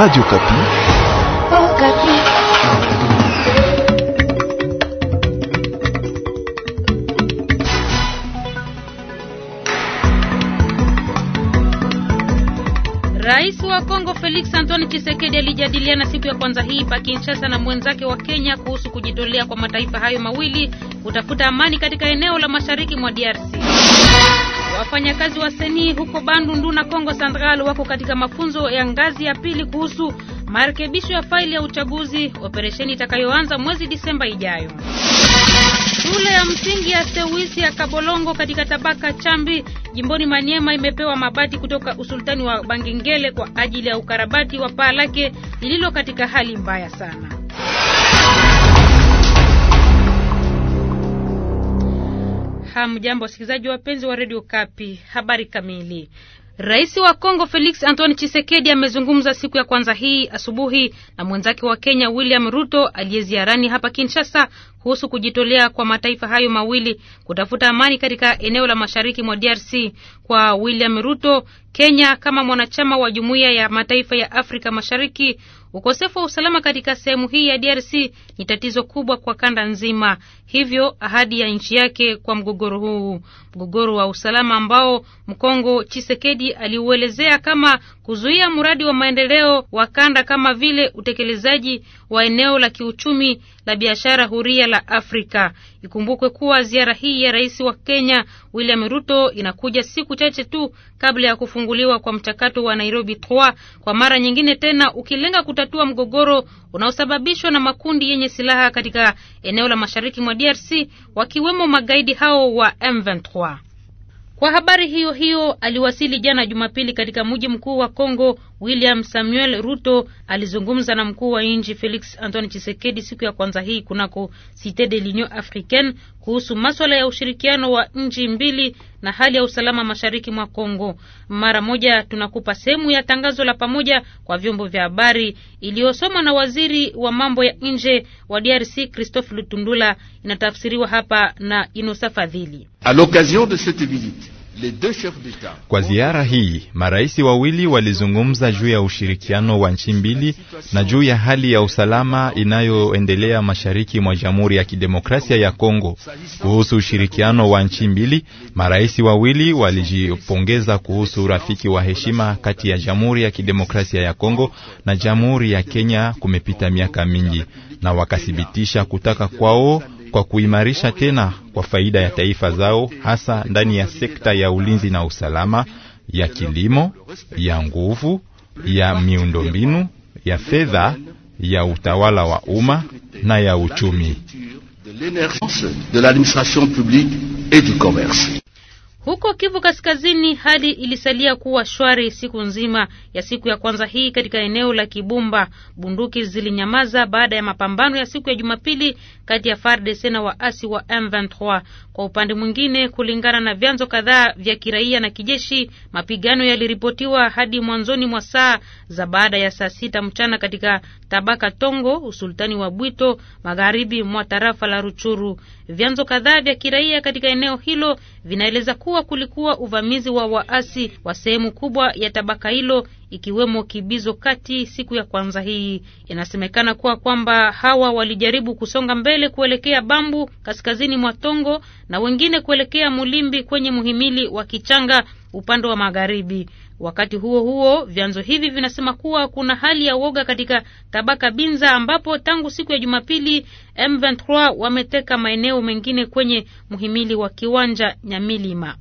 Radio Kapi. Oh, Kapi. Rais wa Kongo Felix Antoine Tshisekedi alijadiliana siku ya kwanza hii pa Kinshasa na mwenzake wa Kenya kuhusu kujitolea kwa mataifa hayo mawili kutafuta amani katika eneo la mashariki mwa DRC. Wafanyakazi wa seni huko Bandundu na Kongo Central wako katika mafunzo ya ngazi ya pili kuhusu marekebisho ya faili ya uchaguzi, operesheni itakayoanza mwezi Disemba ijayo. Shule ya msingi ya Sewisi ya Kabolongo katika tabaka Chambi jimboni Maniema imepewa mabati kutoka usultani wa Bangengele kwa ajili ya ukarabati wa paa lake lililo katika hali mbaya sana. Hamjambo wasikilizaji wapenzi wa redio Kapi, habari kamili. Rais wa Kongo Felix Antoine Tshisekedi amezungumza siku ya kwanza hii asubuhi na mwenzake wa Kenya William Ruto aliyeziarani hapa Kinshasa kuhusu kujitolea kwa mataifa hayo mawili kutafuta amani katika eneo la mashariki mwa DRC. Kwa William Ruto, Kenya kama mwanachama wa Jumuiya ya Mataifa ya Afrika Mashariki, ukosefu wa usalama katika sehemu hii ya DRC ni tatizo kubwa kwa kanda nzima hivyo ahadi ya nchi yake kwa mgogoro huu, mgogoro wa usalama ambao Mkongo Chisekedi aliuelezea kama kuzuia mradi wa maendeleo wa kanda kama vile utekelezaji wa eneo la kiuchumi la biashara huria la Afrika. Ikumbukwe kuwa ziara hii ya rais wa Kenya William Ruto inakuja siku chache tu kabla ya kufunguliwa kwa mchakato wa Nairobi 3 kwa mara nyingine tena, ukilenga kutatua mgogoro unaosababishwa na makundi yenye silaha katika eneo la mashariki mwa DRC wakiwemo magaidi hao wa M23. Kwa habari hiyo hiyo, aliwasili jana Jumapili katika mji mkuu wa Kongo William Samuel Ruto alizungumza na mkuu wa nchi Felix Antoine Tshisekedi siku ya kwanza hii kunako Cite de l'Union Africaine kuhusu maswala ya ushirikiano wa nchi mbili na hali ya usalama mashariki mwa Kongo. Mara moja tunakupa sehemu ya tangazo la pamoja kwa vyombo vya habari iliyosomwa na waziri wa mambo ya nje wa DRC Christophe Lutundula, inatafsiriwa hapa na Inosa Fadhili. A l'occasion de cette visite kwa ziara hii marais wawili walizungumza juu ya ushirikiano wa nchi mbili na juu ya hali ya usalama inayoendelea mashariki mwa Jamhuri ya Kidemokrasia ya Kongo. Kuhusu ushirikiano wa nchi mbili, marais wawili walijipongeza kuhusu urafiki wa heshima kati ya Jamhuri ya Kidemokrasia ya Kongo na Jamhuri ya Kenya kumepita miaka mingi na wakathibitisha kutaka kwao kwa kuimarisha tena kwa faida ya taifa zao, hasa ndani ya sekta ya ulinzi na usalama, ya kilimo, ya nguvu, ya miundombinu, ya fedha, ya utawala wa umma na ya uchumi. Huko Kivu Kaskazini, hali ilisalia kuwa shwari siku nzima ya siku ya kwanza hii katika eneo la Kibumba. Bunduki zilinyamaza baada ya mapambano ya siku ya Jumapili kati ya FARDC na waasi wa M23. Kwa upande mwingine, kulingana na vyanzo kadhaa vya kiraia na kijeshi, mapigano yaliripotiwa hadi mwanzoni mwa saa za baada ya saa sita mchana katika tabaka Tongo, usultani wa Bwito, magharibi mwa tarafa la Ruchuru. Vyanzo kadhaa vya kiraia katika eneo hilo vinaeleza kuwa kulikuwa uvamizi wa waasi wa sehemu kubwa ya tabaka hilo ikiwemo Kibizo kati siku ya kwanza hii. Inasemekana kuwa kwamba hawa walijaribu kusonga mbele kuelekea Bambu kaskazini mwa Tongo na wengine kuelekea Mulimbi kwenye muhimili wa Kichanga upande wa magharibi. Wakati huo huo, vyanzo hivi vinasema kuwa kuna hali ya woga katika tabaka Binza ambapo tangu siku ya Jumapili M23 wameteka maeneo mengine kwenye mhimili wa kiwanja Nyamilima.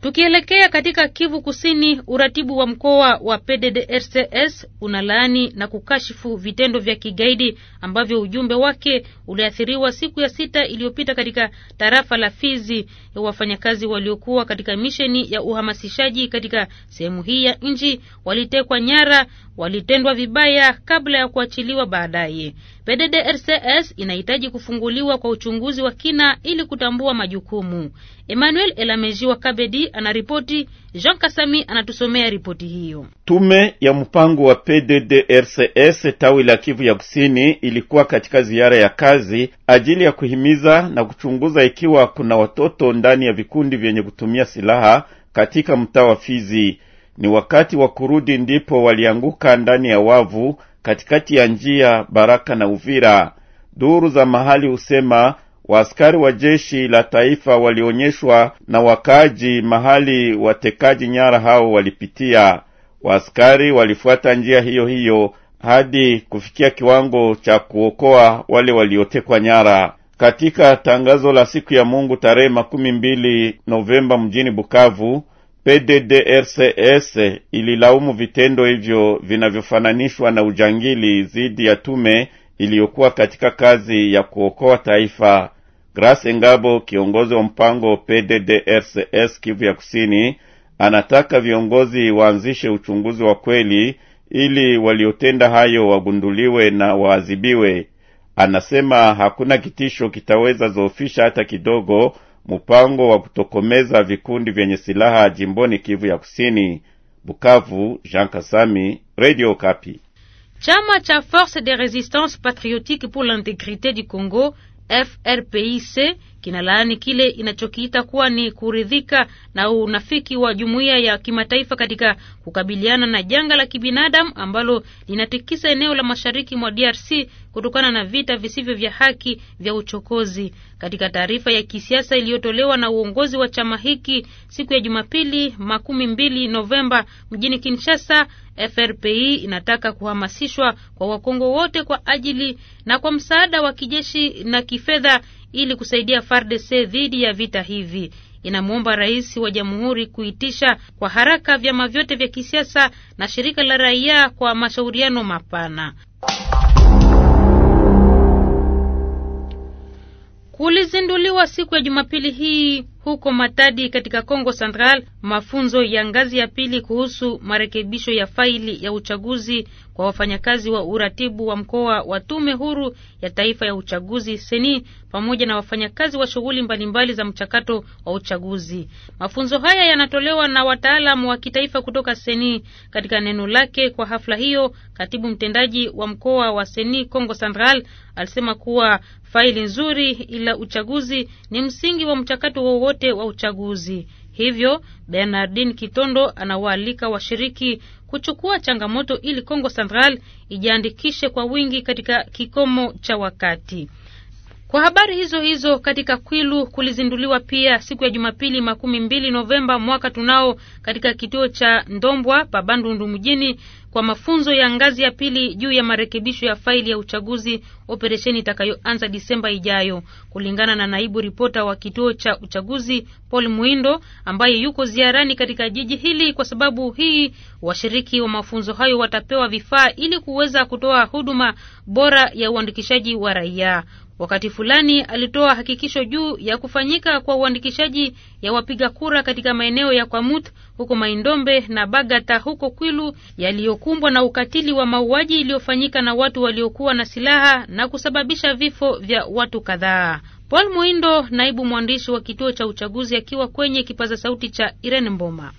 Tukielekea katika Kivu Kusini, uratibu wa mkoa wa PDDRCS unalaani na kukashifu vitendo vya kigaidi ambavyo ujumbe wake uliathiriwa siku ya sita iliyopita katika tarafa la Fizi ya wafanyakazi waliokuwa katika misheni ya uhamasishaji katika sehemu hii ya nchi walitekwa nyara, walitendwa vibaya kabla ya kuachiliwa baadaye. PDDRCS inahitaji kufunguliwa kwa uchunguzi wa kina ili kutambua majukumu. Emmanuel Elameji wa Kabedi anaripoti. Jean Kasami anatusomea ripoti hiyo. Tume ya mpango wa PDDRCS tawi la Kivu ya Kusini ilikuwa katika ziara ya kazi ajili ya kuhimiza na kuchunguza ikiwa kuna watoto ndani ya vikundi vyenye kutumia silaha katika mtaa wa Fizi. Ni wakati wa kurudi ndipo walianguka ndani ya wavu katikati ya njia Baraka na Uvira. Duru za mahali husema Waaskari wa jeshi la taifa walionyeshwa na wakaji mahali watekaji nyara hao walipitia. Waaskari walifuata njia hiyo hiyo hadi kufikia kiwango cha kuokoa wale waliotekwa nyara. Katika tangazo la siku ya Mungu tarehe makumi mbili Novemba mjini Bukavu, PDDRCS ililaumu vitendo hivyo vinavyofananishwa na ujangili dhidi ya tume iliyokuwa katika kazi ya kuokoa taifa. Grace Ngabo, kiongozi wa mpango PDDRCS Kivu ya Kusini, anataka viongozi waanzishe uchunguzi wa kweli ili waliotenda hayo wagunduliwe na waadhibiwe. Anasema hakuna kitisho kitaweza zoofisha hata kidogo mpango wa kutokomeza vikundi vyenye silaha jimboni Kivu ya Kusini. Bukavu, Jean Kasami, Radio Kapi. Chama cha Force de Resistance Patriotique pour l'Intégrité du Congo FRPIC kinalaani kile inachokiita kuwa ni kuridhika na unafiki wa jumuiya ya kimataifa katika kukabiliana na janga la kibinadamu ambalo linatikisa eneo la mashariki mwa DRC kutokana na vita visivyo vya haki vya uchokozi. Katika taarifa ya kisiasa iliyotolewa na uongozi wa chama hiki siku ya Jumapili makumi mbili Novemba mjini Kinshasa, FRPI inataka kuhamasishwa kwa Wakongo wote kwa ajili na kwa msaada wa kijeshi na kifedha ili kusaidia FARDC dhidi ya vita hivi. Inamwomba rais wa jamhuri kuitisha kwa haraka vyama vyote vya kisiasa na shirika la raia kwa mashauriano mapana. Kulizinduliwa siku ya Jumapili hii huko Matadi katika Kongo Central mafunzo ya ngazi ya pili kuhusu marekebisho ya faili ya uchaguzi kwa wafanyakazi wa uratibu wa mkoa wa Tume Huru ya Taifa ya Uchaguzi seni pamoja na wafanyakazi wa shughuli mbalimbali za mchakato wa uchaguzi. Mafunzo haya yanatolewa na wataalamu wa kitaifa kutoka seni. Katika neno lake kwa hafla hiyo, katibu mtendaji wa mkoa wa seni Kongo Central alisema kuwa faili nzuri ila uchaguzi ni msingi wa mchakato wa wote wa uchaguzi. Hivyo Bernardin Kitondo anawaalika washiriki kuchukua changamoto ili Kongo Central ijiandikishe kwa wingi katika kikomo cha wakati. Kwa habari hizo hizo katika Kwilu kulizinduliwa pia siku ya Jumapili makumi mbili Novemba mwaka tunao katika kituo cha Ndombwa pa Bandundu mjini kwa mafunzo ya ngazi ya pili juu ya marekebisho ya faili ya uchaguzi, operesheni itakayoanza Disemba ijayo, kulingana na naibu ripota wa kituo cha uchaguzi Paul Muindo ambaye yuko ziarani katika jiji hili. Kwa sababu hii, washiriki wa mafunzo hayo watapewa vifaa ili kuweza kutoa huduma bora ya uandikishaji wa raia. Wakati fulani alitoa hakikisho juu ya kufanyika kwa uandikishaji ya wapiga kura katika maeneo ya kwamut huko Maindombe na Bagata huko Kwilu yaliyokumbwa na ukatili wa mauaji iliyofanyika na watu waliokuwa na silaha na kusababisha vifo vya watu kadhaa. Paul Mwindo, naibu mwandishi wa kituo cha uchaguzi, akiwa kwenye kipaza sauti cha Irene Mboma.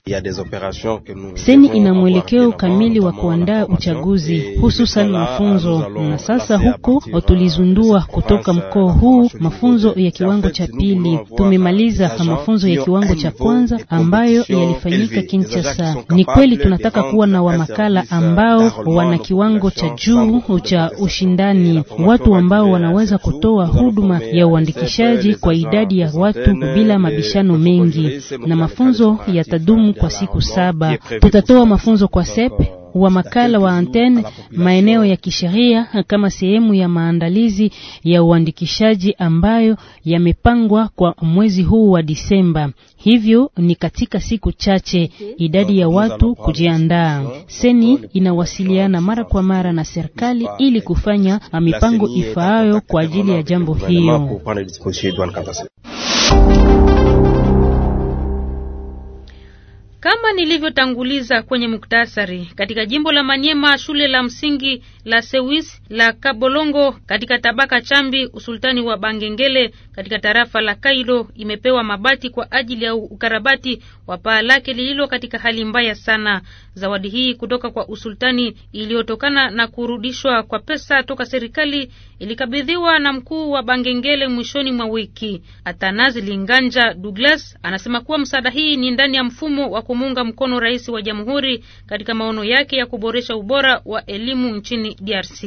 Seni ina mwelekeo kamili wa kuandaa uchaguzi, hususan mafunzo, na sasa huko tulizundua kutoka mkoa euh, huu mafunzo ya kiwango cha pili. Tumemaliza mafunzo ya kiwango cha kwanza ambayo yalifanyika Kinshasa. Ni kweli tunataka kuwa na wamakala euh, ambao wana kiwango cha juu cha ushindani, watu ambao wanaweza kutoa huduma ya uandishi uandikishaji kwa idadi ya watu bila mabishano mengi, na mafunzo yatadumu kwa siku saba. Tutatoa mafunzo kwa sep wa makala wa antene maeneo ya kisheria kama sehemu ya maandalizi ya uandikishaji ambayo yamepangwa kwa mwezi huu wa Disemba. Hivyo ni katika siku chache idadi ya watu kujiandaa. Seni inawasiliana mara kwa mara na serikali ili kufanya mipango ifaayo kwa ajili ya jambo hiyo. Kama nilivyotanguliza kwenye muktasari, katika jimbo la Manyema shule la msingi la Sewis la Kabolongo katika tabaka Chambi usultani wa Bangengele katika tarafa la Kailo imepewa mabati kwa ajili ya ukarabati wa paa lake lililo katika hali mbaya sana. Zawadi hii kutoka kwa usultani iliyotokana na kurudishwa kwa pesa toka serikali ilikabidhiwa na mkuu wa Bangengele mwishoni mwa wiki. Atanazi Linganja Douglas anasema kuwa msaada hii ni ndani ya mfumo wa kumuunga mkono rais wa jamhuri katika maono yake ya kuboresha ubora wa elimu nchini DRC.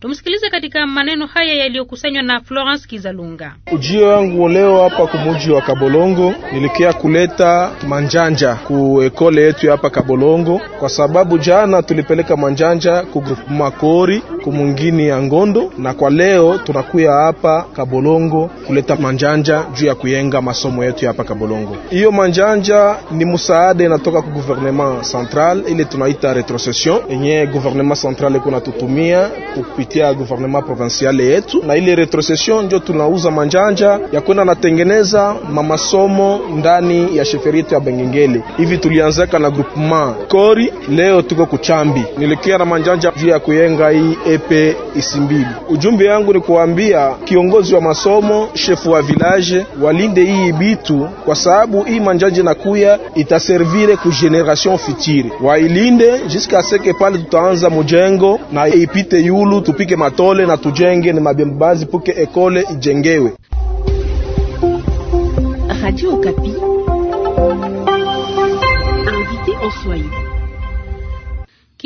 Tumsikilize katika maneno haya yaliyokusanywa na Florence Kizalunga. Ujio wangu leo hapa kumuji wa Kabolongo nilikia kuleta manjanja ku ekole yetu hapa Kabolongo, kwa sababu jana tulipeleka manjanja ku grupu Makori kumungini ya Ngondo, na kwa leo tunakuya hapa Kabolongo kuleta manjanja juu ya kuyenga masomo yetu hapa Kabolongo. Hiyo manjanja ni msaada inatoka ku gouvernement central, ile tunaita retrocession yenye gouvernement central kuna tutumia kupitia gouvernement provincial yetu, na ile retrocession ndio tunauza manjanja ya kwenda natengeneza mamasomo ndani ya sheferi yetu ya Bengengele. Hivi tulianzaka na groupement Kori, leo tuko kuchambi, nilikia na manjanja juu ya kuyenga hii Epe Isimbili. Ujumbe wangu ni kuambia kiongozi wa masomo, shefu wa village walinde hii bitu, kwa sababu hii manjaji nakuya itaservire ku generation future. wailinde ce seke pale tutaanza mujengo na ipite yulu, tupike matole na tujenge ni mabembazi puke ekole ijengewe. Radio Okapi. Invité en Swahili.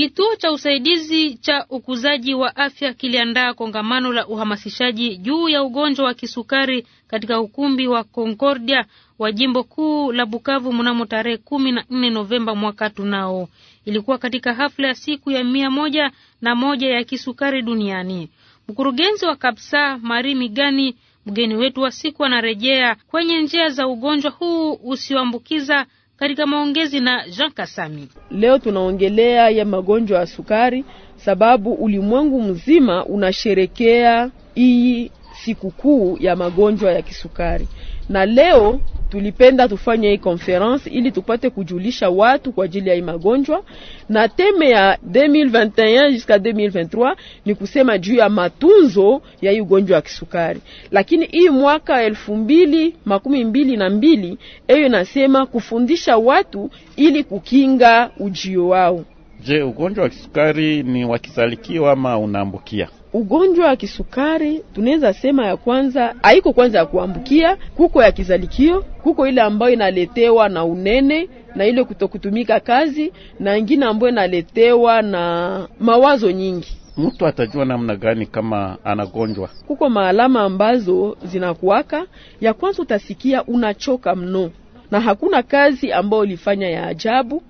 Kituo cha usaidizi cha ukuzaji wa afya kiliandaa kongamano la uhamasishaji juu ya ugonjwa wa kisukari katika ukumbi wa Concordia wa jimbo kuu la Bukavu mnamo tarehe kumi na nne Novemba mwaka tunao. Ilikuwa katika hafla ya siku ya mia moja na moja ya kisukari duniani. Mkurugenzi wa Kapsa Mari Migani, mgeni wetu wa siku, anarejea kwenye njia za ugonjwa huu usioambukiza katika maongezi na Jean Kasami. Leo tunaongelea ya magonjwa ya sukari, sababu ulimwengu mzima unasherekea hii sikukuu ya magonjwa ya kisukari, na leo tulipenda tufanye hii conference ili tupate kujulisha watu kwa ajili ya hii magonjwa, na teme ya 2021 jusqu'à 2023 ni kusema juu ya matunzo ya hii ugonjwa wa kisukari. Lakini hii mwaka elfu mbili makumi mbili na mbili eyo inasema kufundisha watu ili kukinga ujio wao. Je, ugonjwa wa kisukari ni wakizalikiwa ama unaambukia? Ugonjwa wa kisukari tunaweza sema ya kwanza haiko kwanza ya kuambukia, kuko ya kizalikio, kuko ile ambayo inaletewa na unene na ile kutokutumika kazi, na ingine ambayo inaletewa na mawazo nyingi. Mtu atajua namna gani kama anagonjwa? Kuko maalama ambazo zinakuwaka. Ya kwanza utasikia unachoka mno na hakuna kazi ambayo ulifanya ya ajabu.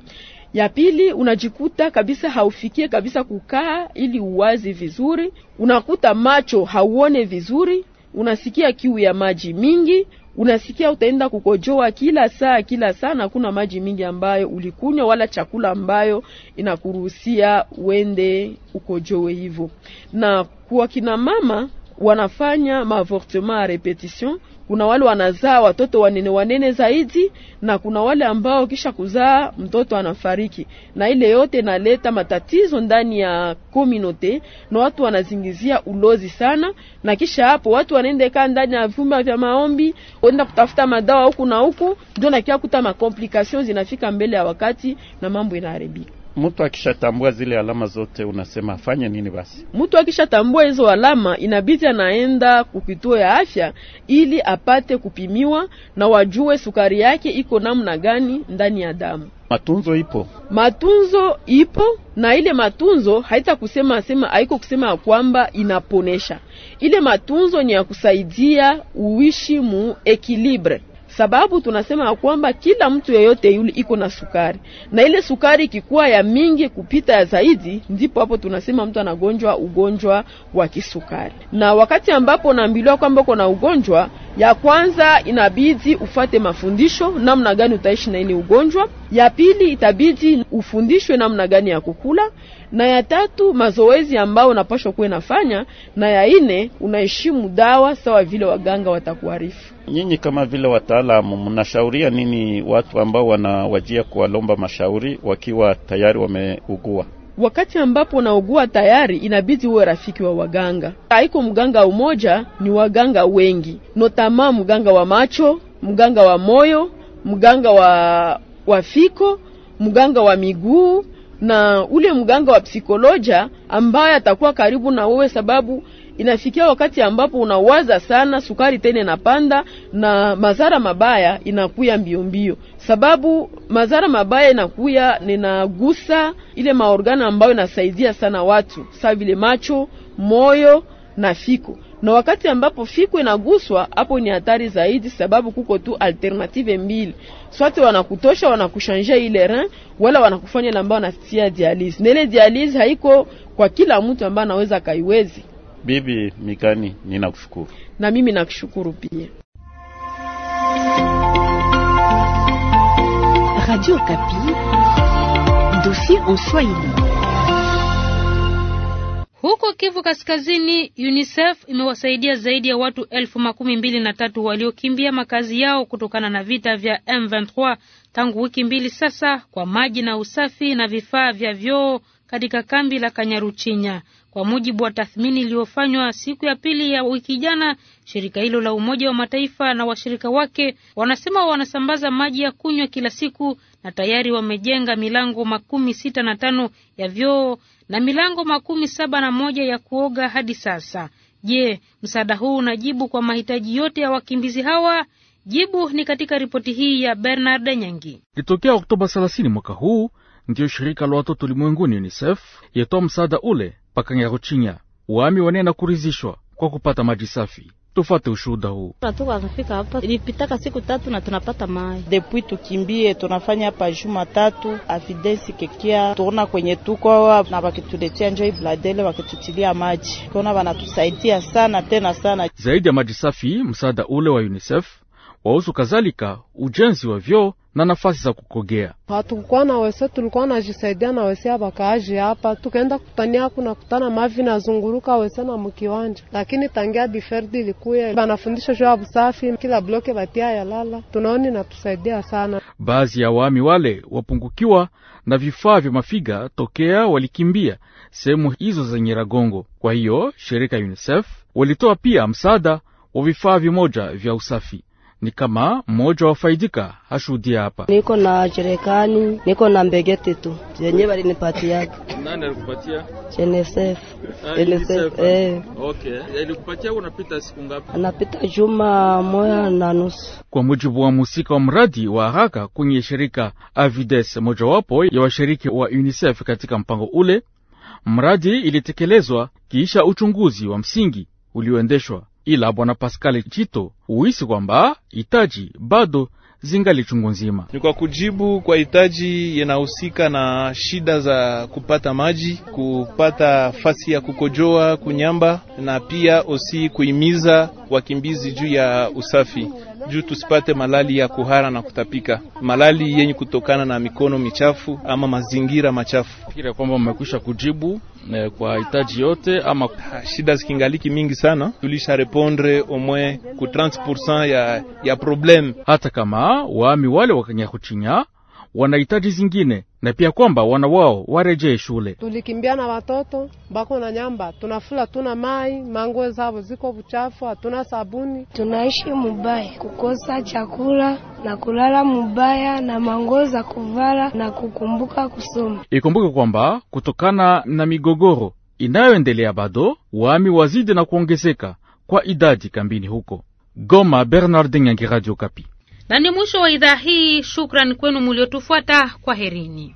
Ya pili unajikuta kabisa haufikie kabisa kukaa ili uwazi vizuri, unakuta macho hauone vizuri, unasikia kiu ya maji mingi, unasikia utaenda kukojoa kila saa kila saa, na kuna maji mingi ambayo ulikunywa wala chakula ambayo inakuruhusia uende ukojoe hivyo. Na kwa kina mama wanafanya maavortement a repetition. Kuna wale wanazaa watoto wanene wanene zaidi, na kuna wale ambao kisha kuzaa mtoto anafariki, na ile yote inaleta matatizo ndani ya komunote, na watu wanazingizia ulozi sana, na kisha hapo watu wanaenda kaa ndani ya vyumba vya maombi, wenda kutafuta madawa huku na huku, ndio nakia kuta makomplikasion zinafika mbele ya wakati na mambo inaharibika mtu akishatambua zile alama zote, unasema afanye nini? Basi mtu akishatambua hizo alama, inabidi anaenda kukituo ya afya ili apate kupimiwa na wajue sukari yake iko namna gani ndani ya damu. Matunzo ipo, matunzo ipo, na ile matunzo haita kusema sema, haiko kusema ya kwamba inaponesha. Ile matunzo ni ya kusaidia uishi mu ekilibre sababu tunasema ya kwamba kila mtu yeyote yule iko na sukari, na ile sukari ikikuwa ya mingi kupita ya zaidi, ndipo hapo tunasema mtu anagonjwa ugonjwa wa kisukari. Na wakati ambapo naambiliwa kwamba uko na ugonjwa ya kwanza inabidi ufate mafundisho namna gani utaishi na ile ugonjwa. Ya pili itabidi ufundishwe namna gani ya kukula, na ya tatu mazoezi ambayo unapaswa kuwe nafanya, na ya ine unaheshimu dawa sawa vile waganga watakuarifu. Nyinyi kama vile wataalamu, mnashauria nini watu ambao wanawajia kuwalomba mashauri wakiwa tayari wameugua? Wakati ambapo naugua tayari inabidi uwe rafiki wa waganga. Haiko mganga umoja, ni waganga wengi, notama mganga wa macho, mganga wa moyo, mganga wa wa fiko, mganga wa miguu na ule mganga wa psikoloja ambaye atakuwa karibu na wewe sababu inafikia wakati ambapo unawaza sana, sukari tena inapanda na madhara mabaya inakuya mbio mbio, sababu madhara mabaya inakuya ninagusa ile maorgana ambayo inasaidia sana watu saa vile macho, moyo na fiko na wakati ambapo fiko inaguswa, hapo ni hatari zaidi, sababu kuko tu alternative mbili, swati wanakutosha wanakushanja ile rein, wala wanakufanya lambao natia dialysis, Na ile dialyse haiko kwa kila mtu ambaye anaweza kaiwezi. Bibi Mikani, ninakushukuru. Na mimi nakushukuru pia. Radio Kapi, dossier en Swahili. Huko Kivu Kaskazini, UNICEF imewasaidia zaidi ya watu elfu makumi mbili na tatu waliokimbia makazi yao kutokana na vita vya M23 tangu wiki mbili sasa, kwa maji na usafi na vifaa vya vyoo katika kambi la Kanyaruchinya. Kwa mujibu wa tathmini iliyofanywa siku ya pili ya wiki jana, shirika hilo la Umoja wa Mataifa na washirika wake wanasema wanasambaza maji ya kunywa kila siku na tayari wamejenga milango makumi sita na tano ya vyoo na milango makumi saba na moja ya kuoga hadi sasa. Je, msaada huu unajibu kwa mahitaji yote ya wakimbizi hawa? Jibu ni katika ripoti hii ya Bernard Nyangi. Kitokea Oktoba 30 mwaka huu ndiyo shirika la watoto ulimwenguni UNICEF yatoa msaada ule kuchinya wami wanena kurizishwa kwa kupata maji safi. Tufate ushuhuda huu. Tunatoka kafika hapa ilipitaka siku tatu na tunapata mai depuis tukimbie, tunafanya hapa juma tatu afidensi kekia tuona kwenye tuko na wakituletea njoi bladele wakitutilia maji kona, wanatusaidia sana tena sana. Zaidi ya maji safi, msaada ule wa UNICEF wahusu kadhalika ujenzi wa vyoo na nafasi za kukogea. Hatukukuwa na wese, tulikuwa najisaidia na wese abakaaji hapa, tukaenda kutania kuna kutana mavi nazunguruka wese na mkiwanja, lakini tangia diferdi ilikuya banafundisha juu ya busafi kila bloke batia lala, tunaoni natusaidia sana. Baadhi ya wami wale wapungukiwa na vifaa vya mafiga tokea walikimbia sehemu hizo za Nyiragongo. Kwa hiyo shirika UNICEF walitoa pia msaada wa vifaa vimoja vya usafi ni kama mmoja faidika hashuhudia hapa. Niko na jerekani, niko na mbegeti tu zenye yake. Nani alikupatia? UNICEF. UNICEF. Ah, eh. Okay. Alikupatia unapita siku ngapi? Anapita juma moja na nusu. Kwa mujibu wa musika wa mradi wa haraka kwenye shirika Avides, mojawapo ya washiriki wa UNICEF katika mpango ule, mradi ilitekelezwa kiisha uchunguzi wa msingi ulioendeshwa ila bwana Pascal Chito uisi kwamba itaji bado zingali chungu nzima. Ni kwa kujibu kwa hitaji yanahusika na shida za kupata maji, kupata fasi ya kukojoa, kunyamba na pia osi kuimiza wakimbizi juu ya usafi juu tusipate malali ya kuhara na kutapika, malali yenye kutokana na mikono michafu ama mazingira machafu. Kile kwamba mmekwisha kujibu eh, kwa hitaji yote ama ah, shida zikingaliki mingi sana, tulisha repondre au moins ku 30% ya, ya probleme hata kama waami wale wakanyakuchinya wanahitaji zingine na pia kwamba wana wao warejee shule. Tulikimbia na watoto bako na nyamba, tunafula tuna mai manguo zao ziko buchafu, hatuna sabuni, tunaishi mubaya, kukosa chakula na kulala mubaya na manguo za kuvala na kukumbuka kusoma. Ikumbuke kwamba kutokana na migogoro inayoendelea bado wami wazidi na kuongezeka kwa idadi kambini huko Goma. Bernard Nyangi, Radio Kapi na ni mwisho wa idhaa hii. Shukran kwenu muliotufuata. Kwaherini.